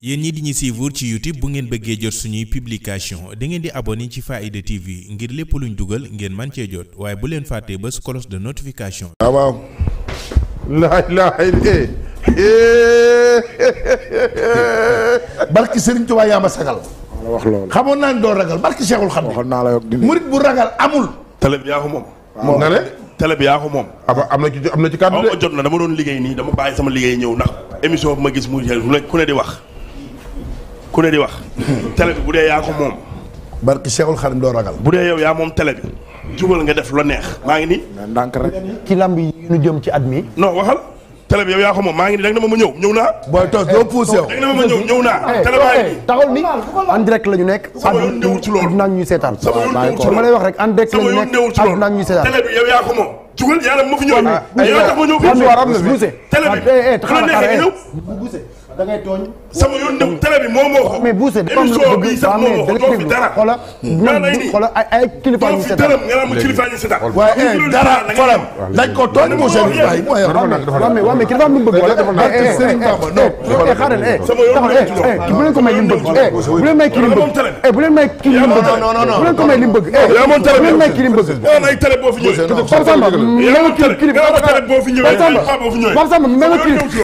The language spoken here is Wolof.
yéen ñi di ñu suivre ci youtube bu ngeen bëggee jot suñuy publication da ngeen di abonné ci Faaida TV ngir lépp luñ dugal ngeen man cee jot waaye bu leen fàttee ba cloche de notification. waaw waaw. laa ilaaha illa barki Serigne Touba yaa ma sagal. wax loolu xamoon naa ne doo ragal barki Cheikhul Khadim. waxoon naa la yow murit bu ragal amul. télé bi yaa ko moom. moom am na ci am na ci kàddu de. jot na dama doon liggéey nii dama bàyyi sama liggéey ñëw ndax émission bu ma gis mu ku ne di wax. ku ne di wax. télé bi bu dee yaa ko moom. barki Cheikhul Khadim doo ragal. bu dee yow yaa moom télé bi. jubal nga def lu neex. maa ngi nii. ndànk rek ci lamb yi nu jëm ci at mi. non waxal. télé bi yow yaa ko moom maa ngi nii danga ne ma ma ñëw ñëw naa. booy toos doo eh, ñëw ñëw naa. Eh, télé baa ngi eh, ni la ñu nekk. sama yoon newul ci loolu àdduna ak ñuy seetaan. sama yoon lay wax rek en direct la ñu nekk àdduna ak ñuy seetaan. télé bi yow yaa ko moom. jugal yàlla moo fi ñëw. yow tax ma ñëw fii télé bi eh, eh, eh. da ngay tooñ. sama yoon dem télé bi moo moo ko. mais buuse dafa am lu ko bëgg sax moo ko doo fi dara. xoola xoola ay ay kilifa ñu seetaan doo fi dara nga am kilifa ñu seetaan. waaye dara xoolam dañ ko tooñ buuse bi bàyyi. waaye waaye kilifa am lu mu bëgg wala. Serigne Bamba non. xaaral eh taxaw bu leen ko may li mu bëgg. bu leen may kii li mu bëgg. bu leen may kii li mu bëgg. bu leen ko may li mu bëgg. bu leen may kii li mu bëgg. mel nga kii kii bi Pape Samba Pape Samba mel nga kii